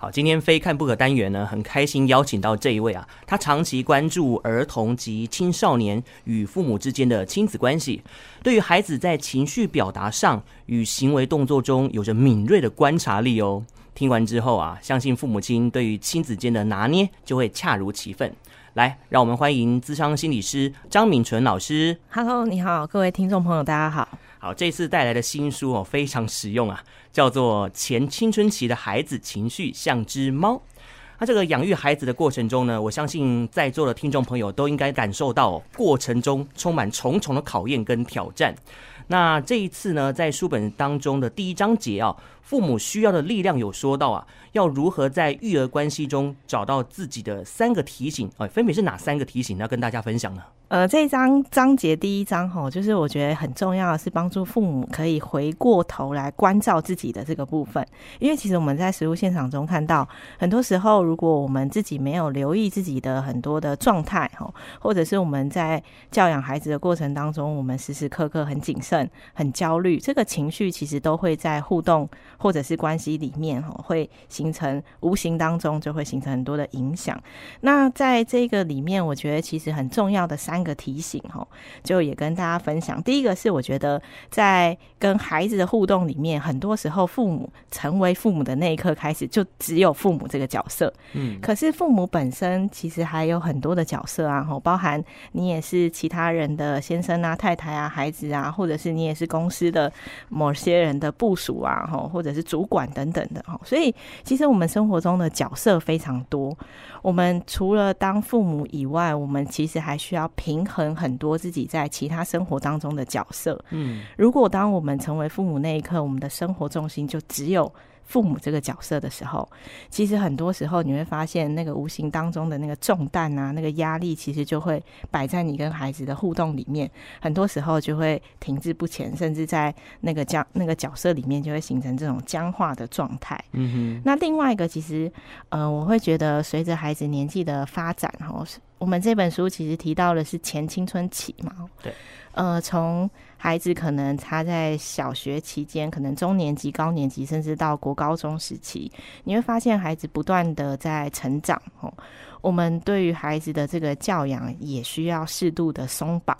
好，今天非看不可單元呢，很開心邀請到這一位啊，他長期關注兒童及青少年與父母之間的親子關係，對於孩子在情緒表達上與行為動作中有着敏銳的觀察力哦。聽完之後啊，相信父母親對於親子間的拿捏就會恰如其分。來，讓我們歡迎諮商心理師張敏淳老師。Hello，你好，各位聽眾朋友，大家好。好，這次帶來的新書哦，非常實用啊，叫做《前青春期的孩子情緒像隻貓》。那、啊、這個養育孩子的過程中呢，我相信在座的聽眾朋友都應該感受到、哦、過程中充滿重重的考驗跟挑戰。那這一次呢，在書本當中的第一章節啊，父母需要的力量有說到啊，要如何在育兒關係中找到自己的三個提醒，哎、啊，分別是哪三個提醒？要跟大家分享呢？呃，這一章節第一章哈，就是我覺得很重要的是幫助父母可以回過頭來關照自己的這個部分，因為其實我們在實務現場中看到，很多時候如果我們自己沒有留意自己的很多的狀態哈，或者是我們在教養孩子的過程當中，我們時時刻刻很謹慎、很焦慮，這個情緒其實都會在互動或者是關係裡面哈，會形成無形當中就會形成很多的影響。那在這個裡面，我覺得其實很重要的三。三個提醒吼，就也跟大家分享。第一個是，我覺得在跟孩子的互動裡面，很多時候父母成為父母的那一刻開始，就只有父母這個角色。嗯，可是父母本身其實還有很多的角色啊，吼包含你也是其他人的先生啊、太太啊、孩子啊，或者是你也是公司的某些人的部屬啊，吼或者是主管等等的哈。所以，其實我們生活中的角色非常多。我們除了當父母以外，我們其實還需要平衡很多自己在其他生活當中的角色。嗯，如果當我們成為父母那一刻，我們的生活重心就只有父母這個角色的時候，其實很多時候你會發現，那個無形當中的那個重擔啊，那個壓力，其實就會擺在你跟孩子的互動裡面。很多時候就會停滯不前，甚至在那個僵那個角色裡面，就會形成這種僵化的狀態。嗯哼那另外一個，其實呃，我會覺得隨着孩子年紀的發展，然我們這本書其實提到的是前青春期嘛，對，呃，從孩子可能他在小學期間，可能中年級、高年級，甚至到國高中時期，你會發現孩子不斷的在成長，哦，我們對於孩子的這個教養也需要適度的鬆綁。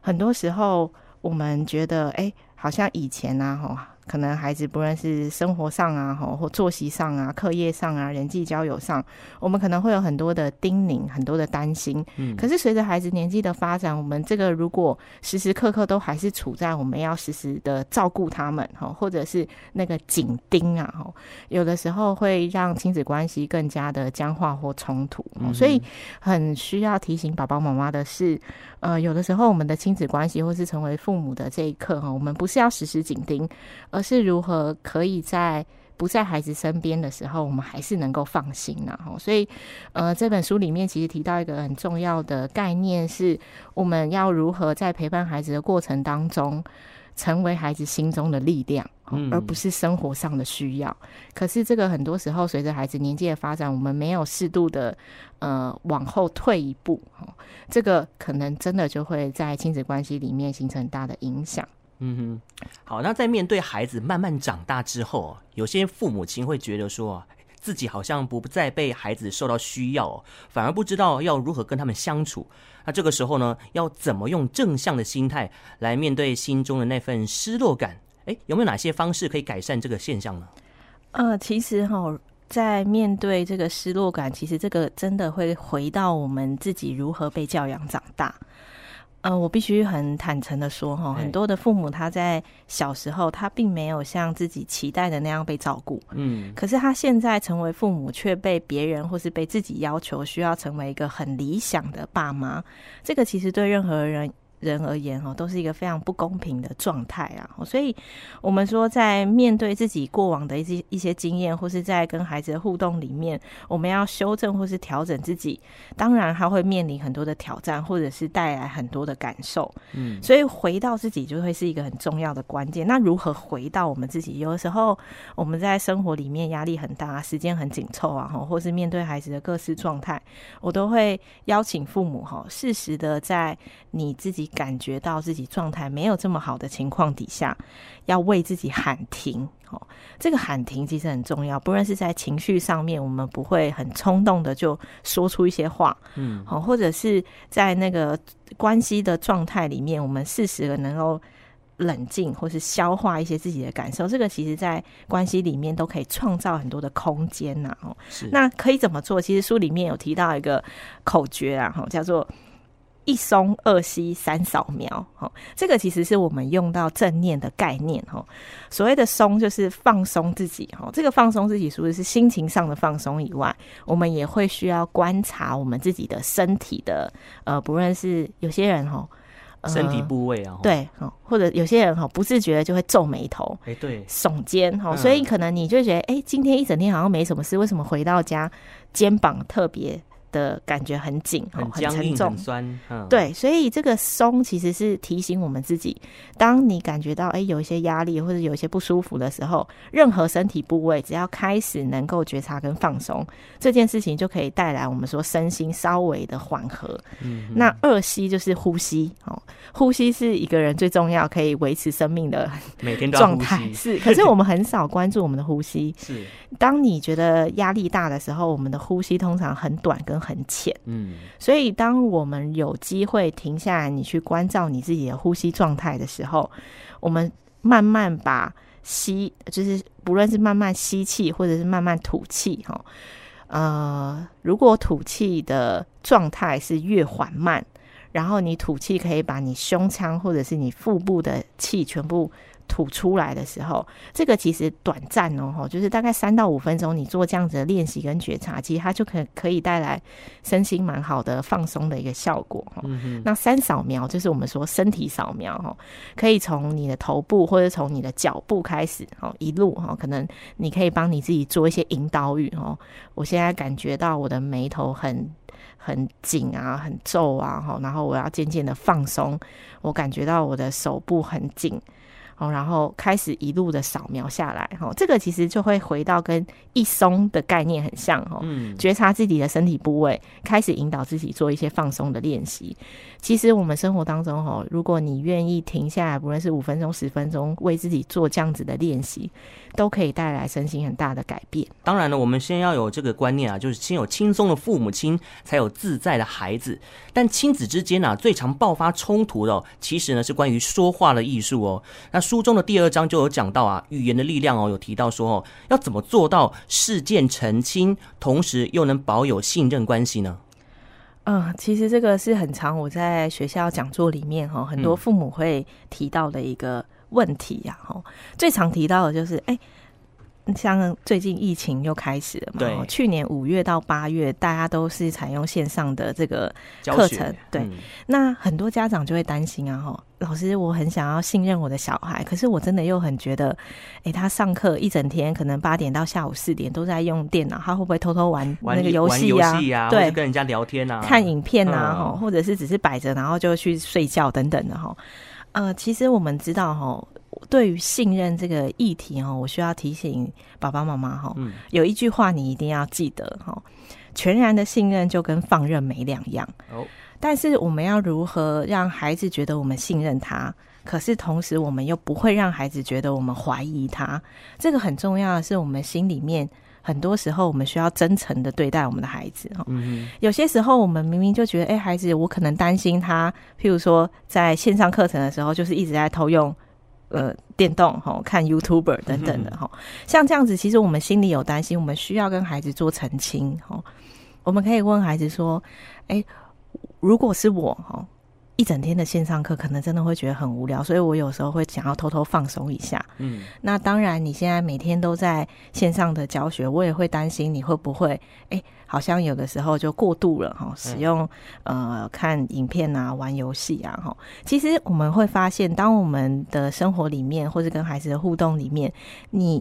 很多時候我們覺得，哎，好像以前啊，哦可能孩子不論是生活上啊，或作息上啊、課業上啊、人際交友上，我們可能會有很多的叮嚀，很多的擔心。嗯，可是隨着孩子年紀的發展，我們這個如果時時刻刻都還是處在我們要時時的照顧他們，或者是那個緊盯啊，有的時候會讓親子關係更加的僵化或衝突。所以很需要提醒爸爸媽媽的是，呃，有的時候我們的親子關係或是成為父母的這一刻，哈，我們不是要時時緊盯。而是如何可以在不在孩子身邊的時候，我們還是能夠放心啊。所以，呃，這本書裡面其實提到一個很重要的概念，是我們要如何在陪伴孩子的過程當中，成為孩子心中的力量，而不是生活上的需要。可是，這個很多時候隨着孩子年紀的發展，我們沒有適度的呃往後退一步，這個可能真的就會在親子關係裡面形成很大的影響。嗯哼，好。那在面對孩子慢慢長大之後，有些父母親會覺得說，自己好像不再被孩子受到需要，反而不知道要如何跟他們相處。那這個時候呢，要怎麼用正向的心態來面對心中的那份失落感？誒，有沒有哪些方式可以改善這個現象呢？呃，其實哈、哦，在面對這個失落感，其實這個真的會回到我們自己如何被教養長大。呃，我必須很坦誠的說，哈，很多的父母他在小時候他並沒有像自己期待的那樣被照顧，嗯，可是他現在成為父母卻被別人或是被自己要求需要成為一個很理想的爸媽，這個其實對任何人。人而言哈，都是一個非常不公平的狀態啊，所以我們說，在面對自己過往的一些一些經驗，或是在跟孩子的互動裡面，我們要修正或是調整自己，當然他會面臨很多的挑戰，或者是帶來很多的感受，嗯，所以回到自己就會是一個很重要的關鍵。嗯、那如何回到我們自己？有的時候我們在生活裡面壓力很大，時間很緊湊啊，哈，或是面對孩子的各式狀態，我都會邀請父母哈，適時的在你自己，感覺到自己狀態沒有這麼好的情況底下，要為自己喊停哦。這個喊停其實很重要，不論是在情緒上面，我們不會很衝動的就說出一些話，嗯，好，或者是在那個關係的狀態裡面，我們適時的能夠冷靜或是消化一些自己的感受。這個其實，在關係裡面都可以創造很多的空間吶、啊。哦，是，那可以怎麼做其實書裡面有提到一個口訣啊，哈、哦，叫做。一鬆二吸、三掃描，這個其實是我們用到正念的概念，所謂的鬆就是放鬆自己，這個放鬆自己，除了是心情上的放鬆以外，我們也會需要觀察我們自己的身體的，呃，不論是有些人、呃、身體部位啊，對，或者有些人不自覺就會皺眉頭，欸、對，聳肩，所以可能你就覺得、嗯，今天一整天好像沒什麼事，為什麼回到家肩膀特別？的感覺很緊，喔，很沉重，很酸，對，嗯、所以這個鬆其實是提醒我們自己，當你感覺到哎、欸、有一些壓力或者有一些不舒服的時候，任何身體部位只要開始能夠覺察跟放鬆，這件事情就可以帶來我們說身心稍微的緩和。嗯、哼那二息就是呼吸哦、喔，呼吸是一個人最重要可以維持生命的每天狀態，是，可是我們很少關注我們的呼吸。 是，當你覺得壓力大的時候，我們的呼吸通常很短跟。很淺，嗯，所以當我們有機會停下來，你去觀照你自己的呼吸狀態的時候，我們慢慢把吸，就是不論是慢慢吸氣或者是慢慢吐氣，哈，呃，如果吐氣的狀態是越緩慢，然後你吐氣可以把你胸腔或者是你腹部的氣全部吐出來的時候，這個其實短暫哦，就是大概三到五分鐘，你做這樣子的練習跟覺察機，其實它就可可以帶來身心蠻好的放鬆的一個效果、嗯、哼那三掃描就是我們說身體掃描哦，可以從你的頭部或者從你的腳部開始哦，一路可能你可以幫你自己做一些引導語哦。我現在感覺到我的眉頭很很緊啊，很皺啊，然後我要漸漸的放鬆。我感覺到我的手部很緊。然後開始一路的掃描下來，哈，這個其實就會回到跟一鬆的概念很像，哈，覺察自己的身體部位，開始引導自己做一些放鬆的練習。其實我們生活當中，哈，如果你願意停下來，不論是五分鐘、十分鐘，為自己做這樣子的練習，都可以帶來身心很大的改變。當然了，我們先要有這個觀念啊，就是先有輕鬆的父母親，才有自在的孩子。但親子之間呢、啊，最常爆發衝突的，其實呢是關於說話的藝術哦，那。書中的第二章就有講到啊，語言的力量哦，有提到說哦，要怎麼做到事件澄清，同時又能保有信任關係呢？嗯，其實這個是很常我在學校講座裡面哈，很多父母會提到的一個問題呀、啊，哈、嗯，最常提到的就是哎、欸，像最近疫情又開始了嘛，對，去年五月到八月，大家都是採用線上的這個課程，嗯、對，那很多家長就會擔心啊，哈。老師，我很想要信任我的小孩，可是我真的又很覺得，哎、欸，他上課一整天，可能八點到下午四點都在用電腦，他會不會偷偷玩那個遊戲啊？啊對，跟人家聊天啊，看影片啊，嗯、或者是只是擺着，然後就去睡覺等等的哈。呃，其實我們知道哈，對於信任這個議題哈，我需要提醒爸爸媽媽哈，有一句話你一定要記得哈，全然的信任就跟放任沒兩樣。但是我們要如何讓孩子覺得我們信任他？可是同時我們又不會讓孩子覺得我們懷疑他。這個很重要的是，我們心裡面很多時候我們需要真誠的對待我們的孩子哈。嗯哼。有些時候我們明明就覺得，哎、欸，孩子，我可能擔心他，譬如說在線上課程的時候，就是一直在偷用呃電動看 YouTuber 等等的哈。嗯哼。像這樣子，其實我們心裡有擔心，我們需要跟孩子做澄清。我們可以問孩子說，哎、欸。如果是我哦，一整天的線上課，可能真的會覺得很無聊，所以我有時候會想要偷偷放鬆一下。嗯，那當然，你現在每天都在線上的教學，我也會擔心你會不會，哎、欸，好像有的時候就過度了哈，使用、嗯、呃看影片啊、玩遊戲啊哈。其實我們會發現，當我們的生活裡面或者跟孩子的互動裡面，你。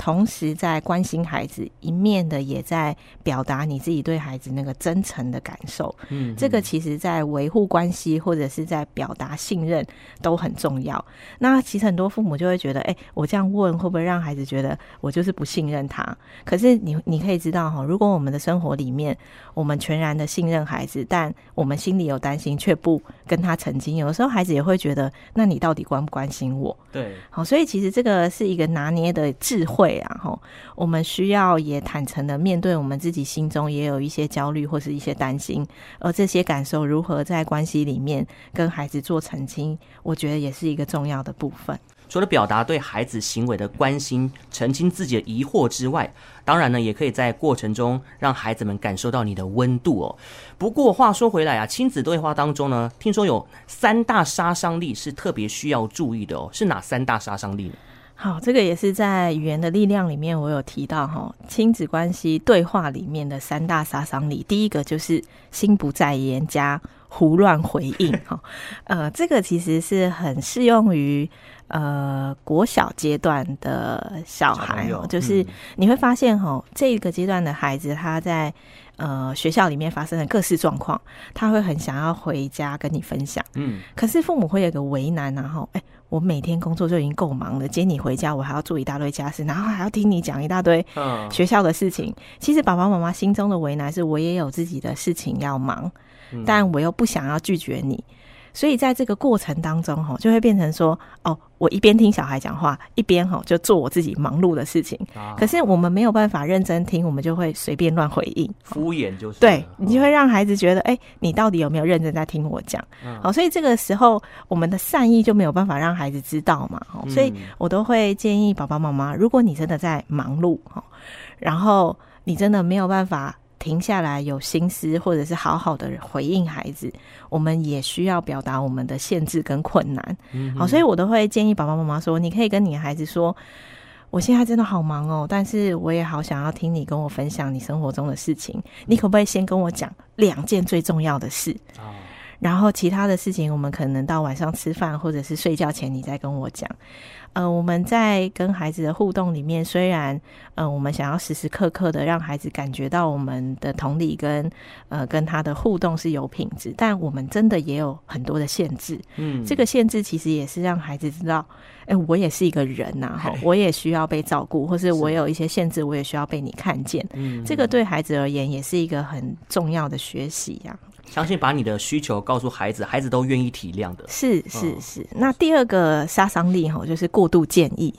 同時在關心孩子一面的，也在表達你自己對孩子那個真誠的感受。嗯，嗯，這個其實在維護關係或者是在表達信任都很重要。那其實很多父母就會覺得，哎、欸，我這樣問會不會讓孩子覺得我就是不信任他？可是你你可以知道哈，如果我們的生活裡面，我們全然的信任孩子，但我們心裡有擔心，卻不跟他澄清，有的時候孩子也會覺得，那你到底關不關心我？對，好，所以其實這個是一個拿捏的智慧。然後，啊，我們需要也坦誠的面對我們自己心中也有一些焦慮或是一些擔心，而這些感受如何在關係裡面跟孩子做澄清，我覺得也是一個重要的部分。除了表達對孩子行為的關心、澄清自己的疑惑之外，當然呢，也可以在過程中讓孩子們感受到你的溫度哦。不過話說回來啊，親子對話當中呢，聽說有三大殺傷力是特別需要注意的哦，是哪三大殺傷力呢？好，這個也是在語言的力量裡面，我有提到哈，親子關係對話裡面的三大殺傷力，第一個就是心不在焉加胡亂回應哈， 呃，這個其實是很適用於呃國小階段的小孩，小就是你會發現哈，嗯、這個階段的孩子他在。呃，學校裡面發生的各式狀況，他會很想要回家跟你分享。嗯，可是父母會有個為難、啊，然後，哎、欸，我每天工作就已經夠忙了，接你回家我還要做一大堆家事，然後還要聽你講一大堆學校的事情。啊、其實爸爸媽媽心中的為難是，我也有自己的事情要忙，嗯、但我又不想要拒絕你。所以在這個過程當中，哈，就會變成說，哦，我一邊聽小孩講話，一邊哈就做我自己忙碌的事情。啊、可是我們沒有辦法認真聽，我們就會隨便亂回應，敷衍就是。對，嗯、你就會讓孩子覺得，哎、欸，你到底有沒有認真在聽我講？好、嗯，所以這個時候我們的善意就沒有辦法讓孩子知道嘛。所以，我都會建議爸爸媽媽，如果你真的在忙碌，哈，然後你真的沒有辦法。停下來，有心思，或者是好好的回應孩子，我們也需要表達我們的限制跟困難。好，所以我都會建議爸爸媽媽說，你可以跟你孩子說，我現在真的好忙哦，但是我也好想要聽你跟我分享你生活中的事情。你可不可以先跟我講兩件最重要的事？然後其他的事情，我們可能到晚上吃飯或者是睡覺前，你再跟我講。呃，我們在跟孩子的互動裡面，雖然，呃，我們想要時時刻刻的讓孩子感覺到我們的同理跟呃跟他的互動是有品質，但我們真的也有很多的限制。嗯，這個限制其實也是讓孩子知道，哎、欸，我也是一個人吶、啊，嘿我也需要被照顧，或是我有一些限制，我也需要被你看見。嗯是，這個對孩子而言也是一個很重要的學習呀、啊嗯嗯。相信把你的需求告訴孩子，孩子都願意體諒的。是是是。是是是嗯、那第二個殺傷力哈，就是。過度建議，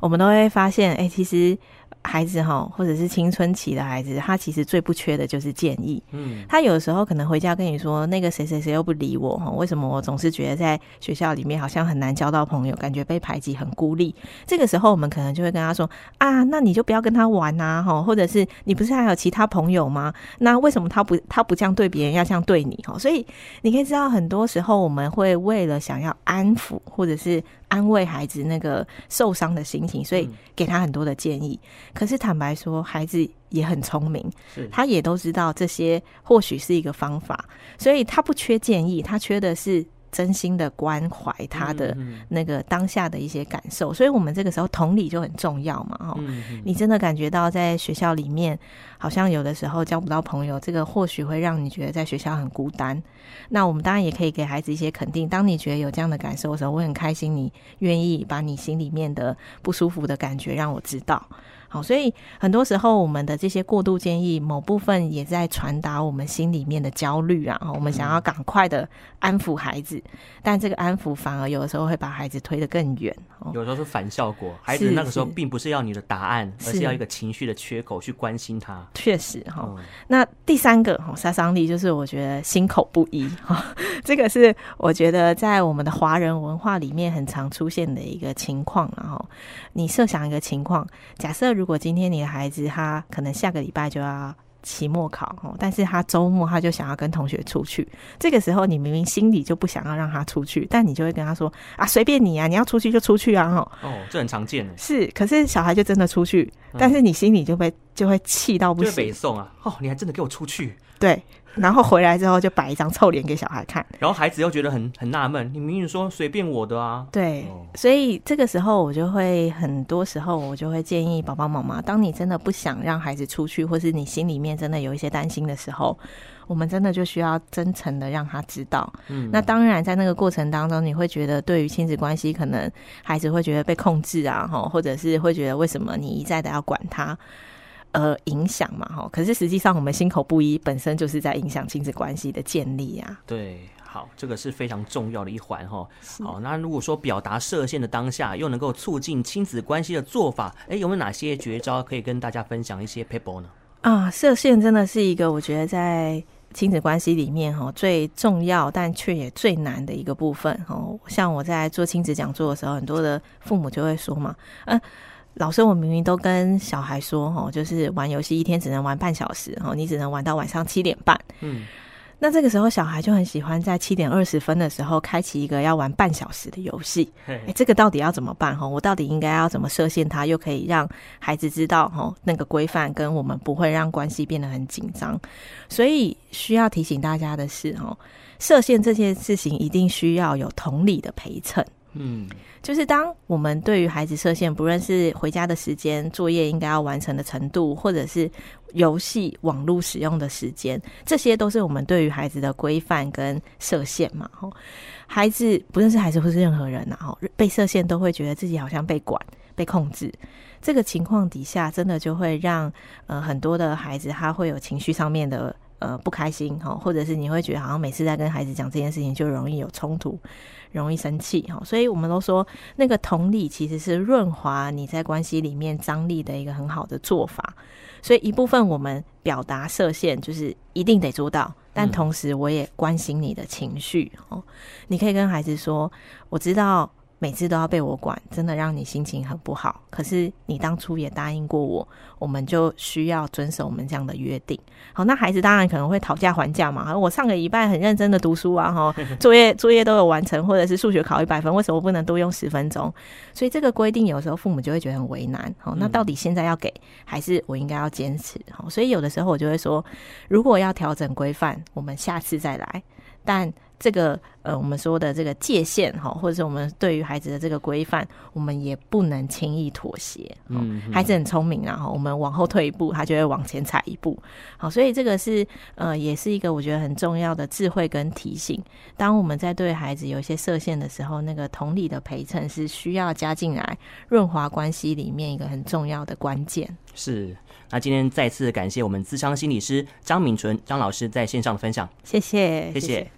我們都會發現，欸、其實孩子哈，或者是青春期的孩子，他其實最不缺的就是建議。嗯，他有的時候可能回家跟你說，那個誰誰誰又不理我，為什麼我總是覺得在學校裡面好像很難交到朋友，感覺被排擠，很孤立。這個時候，我們可能就會跟他說，啊，那你就不要跟他玩吶、啊，或者是你不是還有其他朋友嗎？那為什麼他不他不這樣對別人，要這樣對你？所以你可以知道，很多時候我們會為了想要安撫，或者是。安慰孩子那個受傷的心情，所以給他很多的建議。可是坦白說，孩子也很聰明，他也都知道這些或許是一個方法，所以他不缺建議，他缺的是。真心的關懷他的那個當下的一些感受，所以我們這個時候同理就很重要嘛。哦，你真的感覺到在學校裡面好像有的時候交不到朋友，這個或許會讓你覺得在學校很孤單。那我們當然也可以給孩子一些肯定。當你覺得有這樣的感受的時候，我很開心你願意把你心裡面的不舒服的感覺讓我知道。好，所以很多時候我們的這些過度建議，某部分也在傳達我們心裡面的焦慮啊，我們想要趕快的安撫孩子，但這個安撫反而有的時候會把孩子推得更遠，有時候是反效果。孩子那個時候並不是要你的答案，是是而是要一個情緒的缺口去關心他。確實哈，嗯、那第三個哈殺傷力就是我覺得心口不一哈， 這個是我覺得在我們的華人文化裡面很常出現的一個情況、啊。然後你設想一個情況，假設。如果今天你的孩子他可能下個禮拜就要期末考哦，但是他周末他就想要跟同學出去，這個時候你明明心裡就不想要讓他出去，但你就會跟他說啊，隨便你啊，你要出去就出去啊，哦，這很常見的是，可是小孩就真的出去，但是你心裡就會、嗯、就會氣到不行，北宋啊，哦，你還真的給我出去，對。然後回來之後就擺一張臭臉給小孩看，然後孩子又覺得很很納悶，你明明說隨便我的啊，對，哦、所以這個時候我就會很多時候我就會建議爸爸媽媽，當你真的不想讓孩子出去，或是你心裡面真的有一些擔心的時候，我們真的就需要真誠的讓他知道。嗯，那當然在那個過程當中，你會覺得對於親子關係，可能孩子會覺得被控制啊，吼，或者是會覺得為什麼你一再的要管他。呃，影響嘛，哈，可是實際上我們心口不一，本身就是在影響親子關係的建立啊。對，好，這個是非常重要的一環，哈。好，那如果說表達設限的當下，又能夠促進親子關係的做法，哎、欸，有沒有哪些絕招可以跟大家分享一些撇步呢？啊，設限真的是一個我覺得在親子關係裡面哈，最重要但卻也最難的一個部分，哈。像我在做親子講座的時候，很多的父母就會說嘛，嗯、呃。老師，我明明都跟小孩說，哦，就是玩遊戲一天只能玩半小時，哦，你只能玩到晚上七點半。嗯，那這個時候小孩就很喜歡在七點二十分的時候開啟一個要玩半小時的遊戲。哎、欸，這個到底要怎麼辦？哈，我到底應該要怎麼設限它？他又可以讓孩子知道，哦，那個規範跟我們不會讓關係變得很緊張。所以需要提醒大家的是，哦，設限這件事情一定需要有同理的陪襯。嗯， 就是當我們對於孩子設限，不論是回家的時間、作業應該要完成的程度，或者是遊戲網絡使用的時間，這些都是我們對於孩子的規範跟設限嘛。吼，孩子不論是孩子或是任何人、啊，然後被設限都會覺得自己好像被管、被控制。這個情況底下，真的就會讓、呃、很多的孩子他會有情緒上面的、呃、不開心，或者是你會覺得好像每次在跟孩子講這件事情就容易有衝突。容易生氣哈，所以我們都說那個同理其實是潤滑你在關係裡面張力的一個很好的做法。所以一部分我們表達設限就是一定得做到，但同時我也關心你的情緒哦。嗯。你可以跟孩子說：“我知道。”每次都要被我管，真的讓你心情很不好。可是你當初也答應過我，我們就需要遵守我們這樣的約定。好、哦，那孩子當然可能會討價還價嘛，我上個禮拜很認真的讀書啊，哈，作業作業都有完成，或者是數學考一百分，為什麼不能多用十分鐘？所以這個規定有時候父母就會覺得很為難。好、哦，那到底現在要給還是我應該要堅持？好、哦，所以有的時候我就會說，如果要調整規範，我們下次再來。但這個呃，我們說的這個界限哈，或者是我們對於孩子的這個規範，我們也不能輕易妥協。嗯哼，孩子很聰明啊，我們往後退一步，他就會往前踩一步。好，所以這個是呃，也是一個我覺得很重要的智慧跟提醒。當我們在對孩子有一些設限的時候，那個同理的陪襯是需要加進來，潤滑關係裡面一個很重要的關鍵。是。那今天再次感謝我們諮商心理師張敏淳張老師在線上的分享。謝謝，謝謝。謝謝